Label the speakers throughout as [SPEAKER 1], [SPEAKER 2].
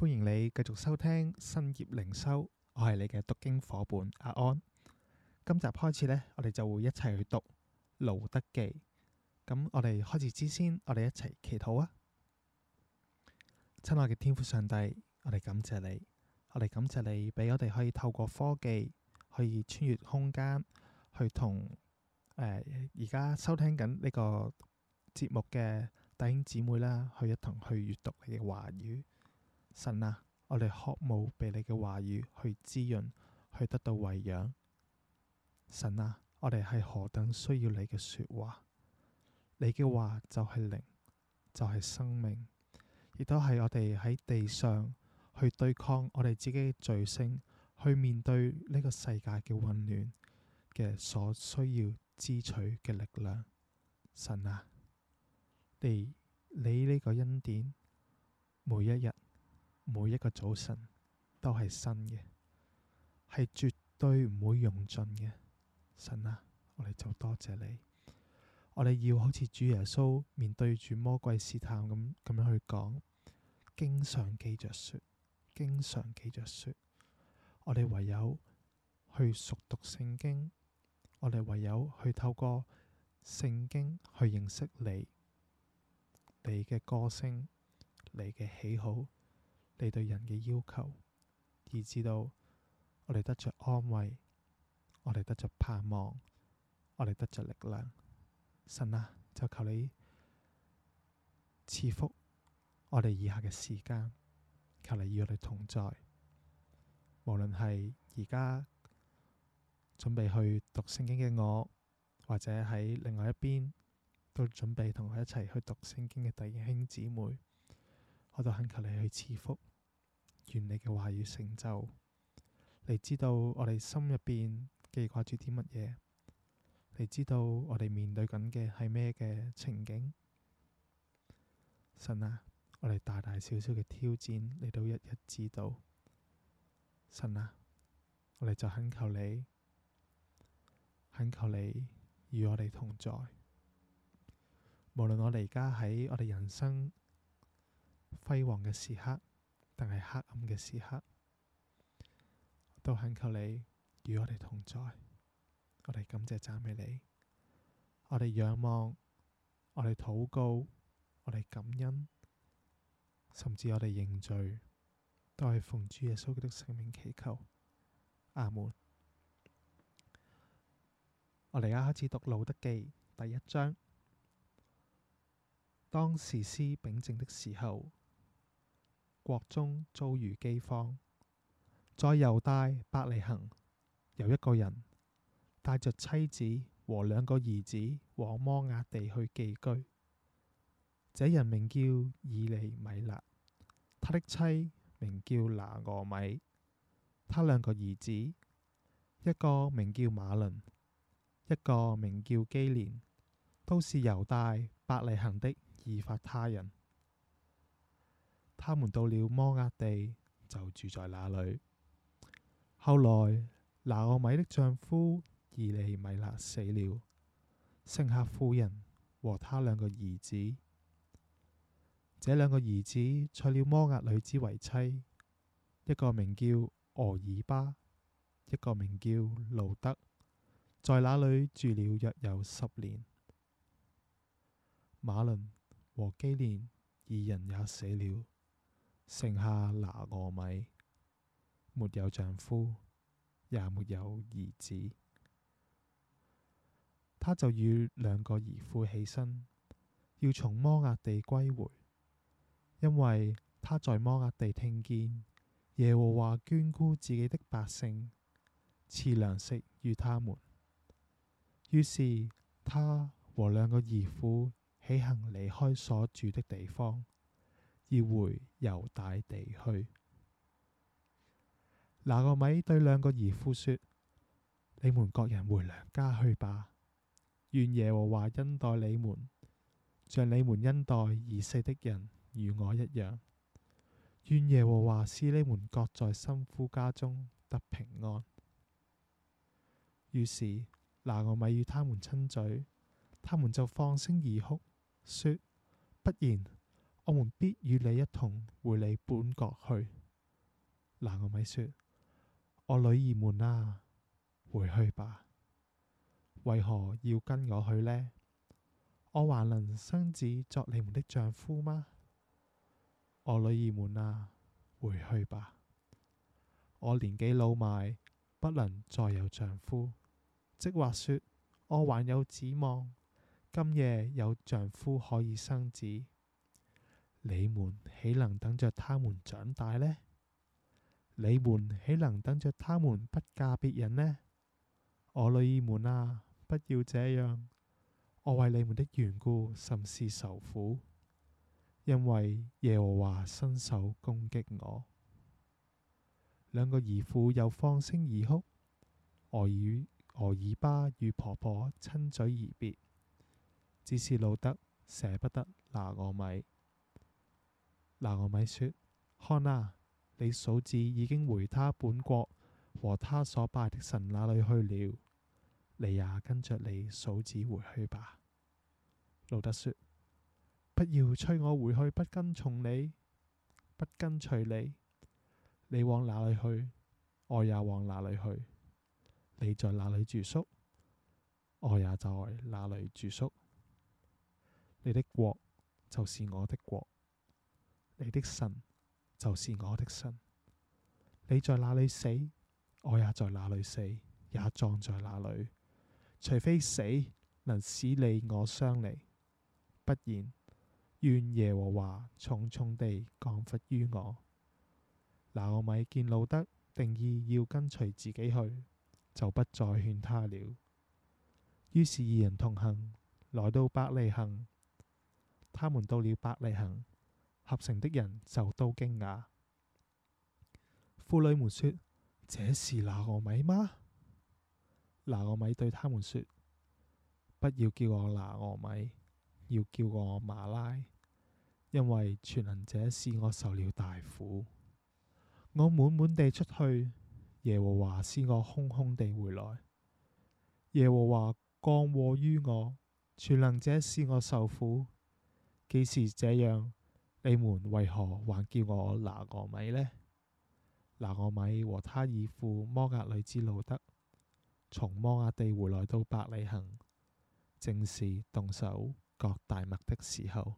[SPEAKER 1] 歡迎你繼續收聽新業靈修，我係你嘅讀經夥伴阿安。今集開始呢，我哋就會一齊去讀《路得記》。咁我哋開始之先，我哋一齊祈禱啊！親愛嘅天父上帝，我哋感謝你，我哋感謝你俾我哋可以透過科技，可以穿越空間，去同而家、呃、收聽緊呢個節目嘅弟兄姊妹啦，去一同去閱讀你嘅話語。神啊，我哋渴望被你嘅話語去滋潤，去得到餵養。神啊，我哋係何等需要你嘅說話，你嘅話就係靈，就係生命，亦都係我哋喺地上去對抗我哋自己罪性，去面對呢個世界嘅混亂嘅所需要支取嘅力量。神啊，你你呢個恩典，每一日。每一個早晨都係新嘅，係絕對唔會用盡嘅神啊，我哋就多謝你。我哋要好似主耶穌面對住魔鬼試探咁咁樣去講，經常記着說，經常記着說。我哋唯有去熟讀聖經，我哋唯有去透過聖經去認識你，你嘅歌聲，你嘅喜好。你對人嘅要求，以致到我哋得着安慰，我哋得着盼望，我哋得着力量。神啊，就求你賜福我哋以下嘅時間，求你與我哋同在。無論係而家準備去讀聖經嘅我，或者喺另外一邊都準備同佢一齊去讀聖經嘅弟兄姊妹，我都懇求你去賜福。願你嘅話語成就，你知道我哋心入邊記掛住啲乜嘢，你知道我哋面對緊嘅係咩嘅情景。神啊，我哋大大小小嘅挑戰，你都一一知道。神啊，我哋就懇求你，懇求你與我哋同在。無論我哋而家喺我哋人生輝煌嘅時刻。但係黑暗嘅時刻，都懇求你與我哋同在。我哋感謝讚美你，我哋仰望，我哋禱告，我哋感恩，甚至我哋認罪，都係奉主耶穌嘅的聖名祈求。阿門。我哋而家開始讀路得記第一章。當士師秉政的時候。國中遭遇饑荒，在猶大伯利恒，有一個人帶着妻子和兩個兒子往摩押地去寄居。這人名叫以利米勒，他的妻名叫拿俄米，他兩個兒子，一個名叫馬倫，一個名叫基連，都是猶大伯利恒的以法他人。他們到了摩押地，就住在那裏。後來拿俄米的丈夫以利米勒死了，剩下婦人和他兩個兒子。這兩個兒子娶了摩押女子為妻，一個名叫俄爾巴，一個名叫路得，在那裏住了約有十年。馬倫和基連二人也死了。剩下拿俄米，沒有丈夫，也沒有兒子，他就與兩個兒婦起身，要從摩押地歸回，因為他在摩押地聽見耶和華眷顧自己的百姓，賜糧食與他們。於是他和兩個兒婦起行離開所住的地方。要回猶大地去。拿俄米對兩個兒婦說：你們各人回娘家去吧，願耶和華恩待你們，像你們恩待已死的人如我一樣。願耶和華使你們各在新夫家中得平安。於是拿俄米與他們親嘴，他們就放聲而哭，說：不然。我們必與你一同回你本國去。拿俄米說：我女兒們啊，回去吧。為何要跟我去呢？我還能生子作你們的丈夫嗎？我女兒們啊，回去吧。我年紀老邁，不能再有丈夫，即或說我還有指望，今夜有丈夫可以生子。你們豈能等着他們長大呢？你們豈能等着他們不嫁別人呢？我女兒們啊，不要這樣。我為你們的緣故，甚是愁苦，因為耶和華伸手攻擊我。兩個兒婦又放聲而哭，俄珥俄珥巴與婆婆親嘴而別，只是路得捨不得拿俄米。嗱，那我咪說，看啊，你嫂子已經回他本國和他所拜的神那裏去了，你也跟着你嫂子回去吧。路得說：不要催我回去，不跟從你，不跟隨你。你往哪裏去，我也往哪裏去。你在哪裏住宿，我也在哪裏住宿。你的國就是我的國。你的神就是我的神。你在哪裏死，我也在哪裏死，也葬在哪裏。除非死能使你我相離，不然願耶和華重重地降罰於我。拿俄米見路得定意要跟隨自己去，就不再勸他了。於是二人同行，來到伯利恒。他們到了伯利恒。合城的人就都驚訝。婦女們說：這是拿俄米嗎？拿俄米對他們說：不要叫我拿俄米，要叫我馬拉，因為全能者使我受了大苦。我滿滿地出去，耶和華使我空空地回來。耶和華降禍於我，全能者使我受苦，既是這樣。你們為何還叫我拿俄米呢？拿俄米和他兒婦摩押女子路得從摩押地回來到伯利恆，正是動手割大麥的時候。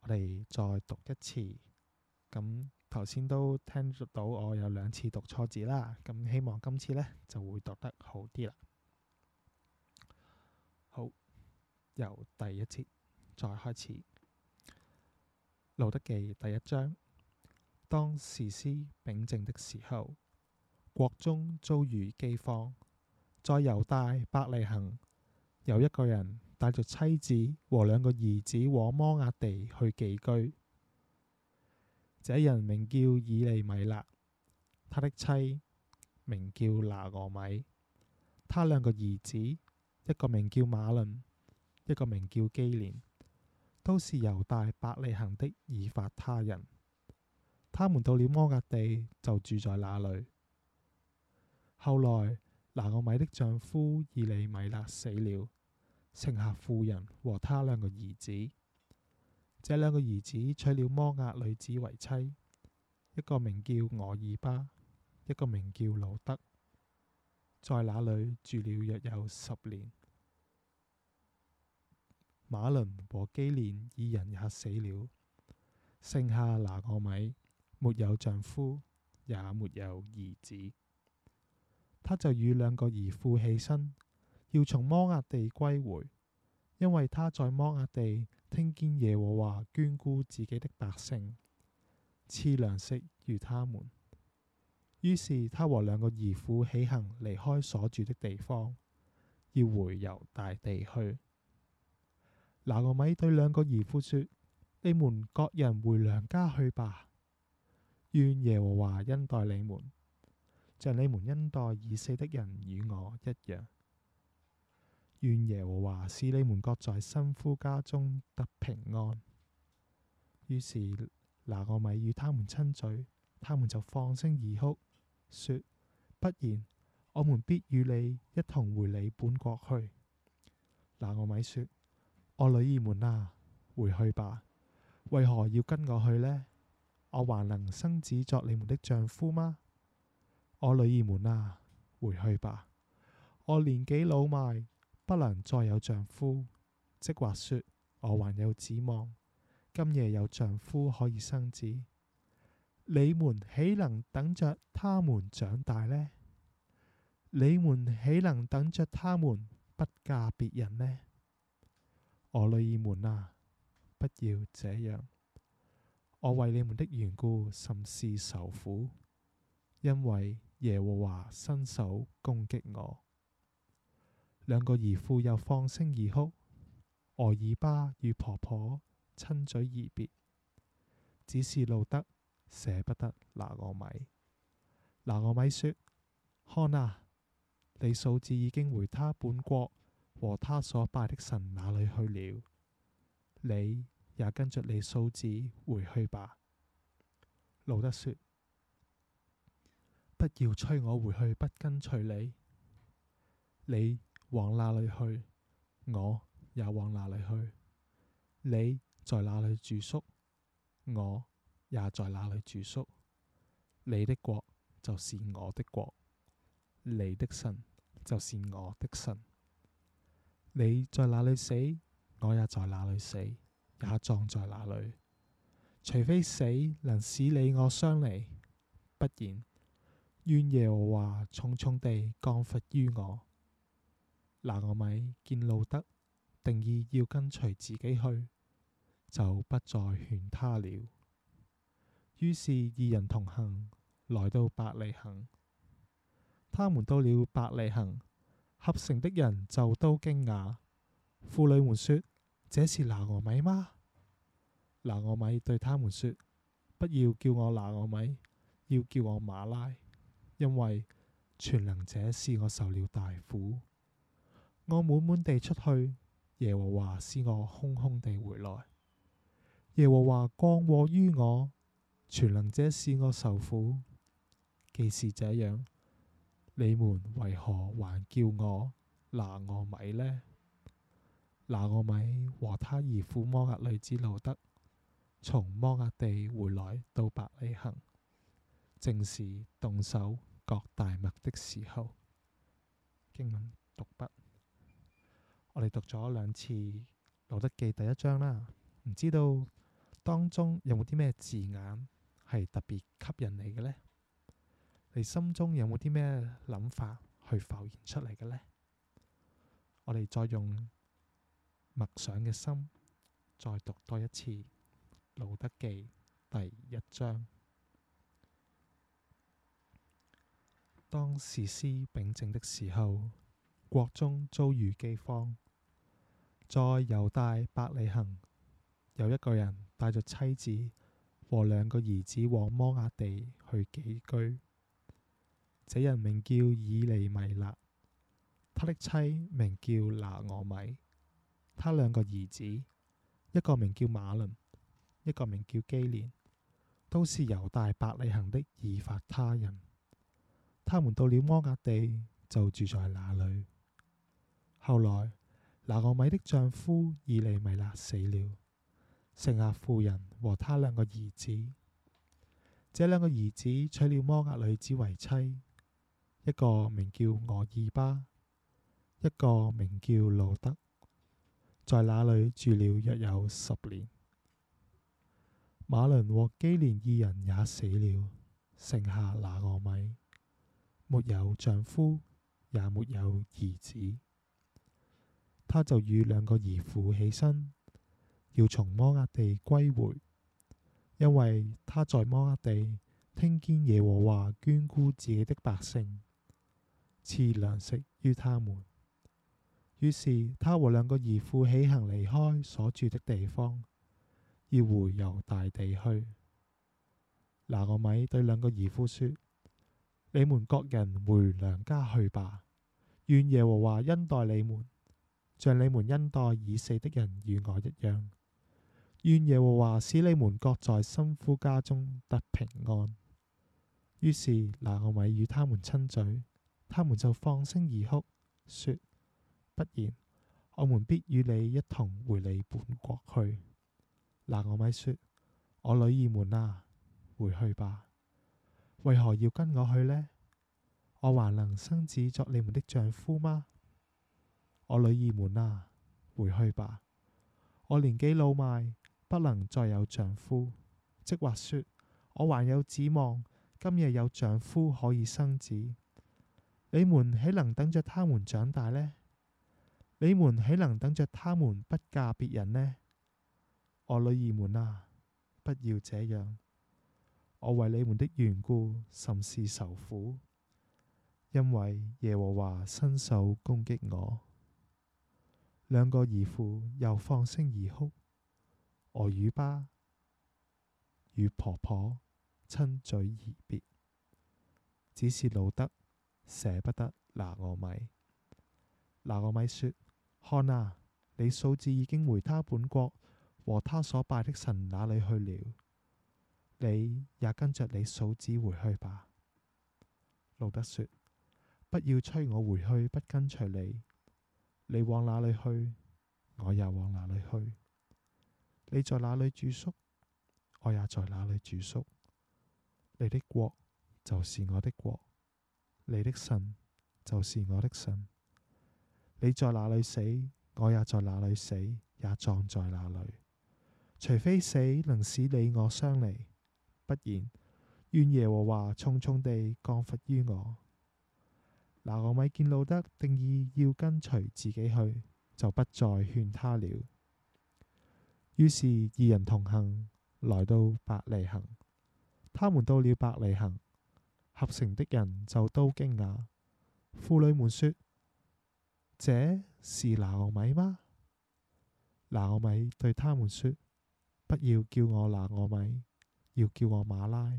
[SPEAKER 1] 我哋再讀一次，咁頭先都聽到我有兩次讀錯字啦，咁希望今次呢就會讀得好啲啦。好，由第一節。再開始《路得記》第一章。當士師秉政的時候，國中遭遇饑荒。在猶大伯利恒，有一個人帶着妻子和兩個兒子往摩押地去寄居。這人名叫以利米勒，他的妻名叫拿俄米，他兩個兒子一個名叫馬倫，一個名叫基連。都是猶大伯利恆的以法他人，他們到了摩押地就住在那裏。後來拿俄米的丈夫以利米勒死了，剩下婦人和他兩個兒子。這兩個兒子娶了摩押女子為妻，一個名叫俄珥巴，一個名叫路得，在那裏住了約有十年。馬倫和基連二人也死了，剩下拿俄米沒有丈夫，也沒有兒子，他就與兩個兒婦起身，要從摩押地歸回，因為他在摩押地聽見耶和華眷顧自己的百姓，賜糧食與他們。於是他和兩個兒婦起行，離開所住的地方，要回猶大地去。拿俄米對兩個兒婦說：你們各人回娘家去吧，願耶和華恩待你們，像你們恩待已死的人與我一樣。願耶和華使你們各在新夫家中得平安。於是拿俄米與他們親嘴，他們就放聲而哭，說：不然，我們必與你一同回你本國去。拿俄米說。我女兒們啊，回去吧。為何要跟我去呢？我還能生子作你們的丈夫嗎？我女兒們啊，回去吧。我年紀老邁，不能再有丈夫，即或說我還有指望，今夜有丈夫可以生子。你們豈能等着他們長大呢？你們豈能等着他們不嫁別人呢？我女兒們啊，不要這樣！我為你們的緣故，甚是愁苦，因為耶和華伸手攻擊我。兩個兒婦又放聲而哭，俄爾巴與婆婆親嘴而別，只是路得捨不得拿俄米。拿俄米說：看啊，你嫂子已經回她本國。和他所拜的神哪裏去了？你也跟着你嫂子回去吧。路得說：不要催我回去，不跟隨你。你往哪裏去，我也往哪裏去。你在哪裏住宿，我也在哪裏住宿。你的國就是我的國，你的神就是我的神。你在哪裏死，我也在哪裏死，也葬在哪裏。除非死能使你我相離，不然願耶和華重重地降罰於我。拿俄米見路得定意要跟隨自己去，就不再勸他了。於是二人同行，來到伯利恆。他們到了伯利恆。合城的人就都驚訝，婦女們說：這是拿俄米嗎？拿俄米對他們說：不要叫我拿俄米，要叫我馬拉，因為全能者使我受了大苦。我滿滿地出去，耶和華使我空空地回來。耶和華降禍於我，全能者使我受苦，既是這樣。你們為何還叫我拿俄米呢？拿俄米和她兒婦摩押女子路得從摩押地回來到伯利恆，正是動手割大麥的時候。經文讀畢，我哋讀咗兩次《路得記》第一章啦，唔知道當中有冇啲咩字眼係特別吸引你嘅呢？你心中有冇啲咩諗法去浮現出嚟嘅呢？我哋再用默想嘅心，再讀多一次《路得記》第一章。當時司秉政的時候，國中遭遇饑荒，在猶大伯利恆，有一個人帶着妻子和兩個兒子往摩押地去寄居。這人名叫以利米勒，他的妻名叫拿俄米，他兩個兒子，一個名叫馬倫，一個名叫基連，都是猶大伯利恒的以法他人。他們到了摩押地，就住在那裏。後來拿俄米的丈夫以利米勒死了，剩下婦人和他兩個兒子。這兩個兒子娶了摩押女子為妻。一個名叫俄珥巴，一個名叫路得，在那裏住了約有十年。馬倫和基連二人也死了，剩下拿俄米沒有丈夫，也沒有兒子，他就與兩個兒婦起身，要從摩押地歸回，因為他在摩押地聽見耶和華眷顧自己的百姓。賜糧食於他們。於是他和兩個兒婦起行離開所住的地方，要回猶大地去。拿俄米對兩個兒婦說：你們各人回娘家去吧。願耶和華恩待你們，像你們恩待已死的人與我一樣。願耶和華使你們各在新夫家中得平安。於是拿俄米與他們親嘴。他們就放聲而哭，說：不然，我們必與你一同回你本國去。拿俄米說：我女兒們啊，回去吧，為何要跟我去呢？我還能生子作你們的丈夫嗎？我女兒們啊，回去吧，我年紀老邁，不能再有丈夫。即或說，我還有指望，今日有丈夫可以生子。你們豈能等着他們長大呢？你們豈能等着他們不嫁別人呢？我女兒們啊，不要這樣。我為你們的緣故，甚是愁苦，因為耶和華伸手攻擊我。兩個兒婦又放聲而哭，俄珥巴與婆婆親嘴而別，只是路得。捨不得拿俄米。拿俄米說：看啊，你嫂子已經回他本國和他所拜的神那裏去了，你也跟着你嫂子回去吧。路得說：不要催我回去，不跟隨你。你往哪裏去，我也往哪裏去。你在哪裏住宿，我也在哪裏住宿。你的國就是我的國。你的神就是我的神。你在哪裏死，我也在哪裏死，也葬在那裏。除非死能使你我相離，不然，願耶和華重重地降罰於我。拿俄米見路得定意要跟隨自己去，就不再勸他了。於是二人同行，來到伯利恆。他們到了伯利恆。合成的人就都驚訝。婦女們說：這是拿俄米嗎？拿俄米對他們說：不要叫我拿俄米，要叫我馬拉，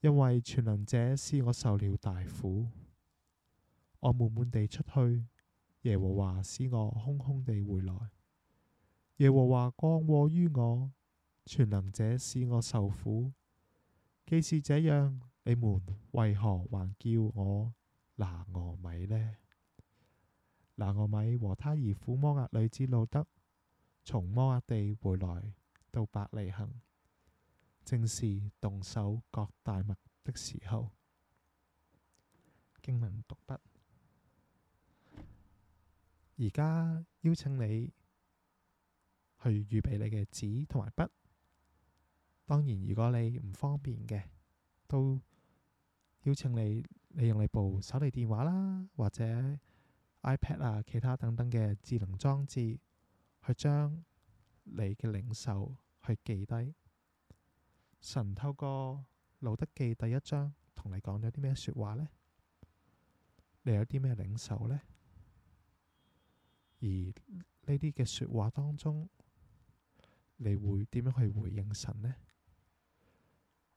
[SPEAKER 1] 因為全能者使我受了大苦。我滿滿地出去，耶和華使我空空地回來。耶和華降禍於我，全能者使我受苦。既是這樣，你們為何還叫我拿俄米呢？拿俄米和他兒婦摩押女子路得，從摩押地回來到伯利恆，正是動手割大麥的時候。經文讀筆，而家邀請你去預備你嘅紙同埋筆。當然，如果你唔方便嘅，都。邀請你，你用你部手提電話啦，或者 iPad 啊，其他等等嘅智能裝置，去將你嘅領受去記低。神透過路得記第一章同你講咗啲咩說話呢？你有啲咩領受呢？而呢啲嘅說話當中，你會點樣去回應神呢？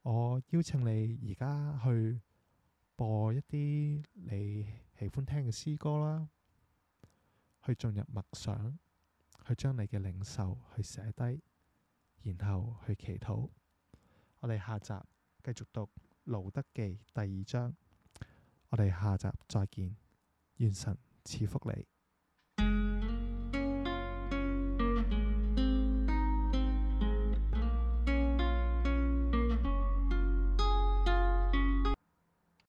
[SPEAKER 1] 我邀請你而家去。播一啲你喜歡聽嘅詩歌啦，去進入默想，去將你嘅領受去寫低，然後去祈禱。我哋下集繼續讀《路得記》第二章。我哋下集再見，願神賜福你。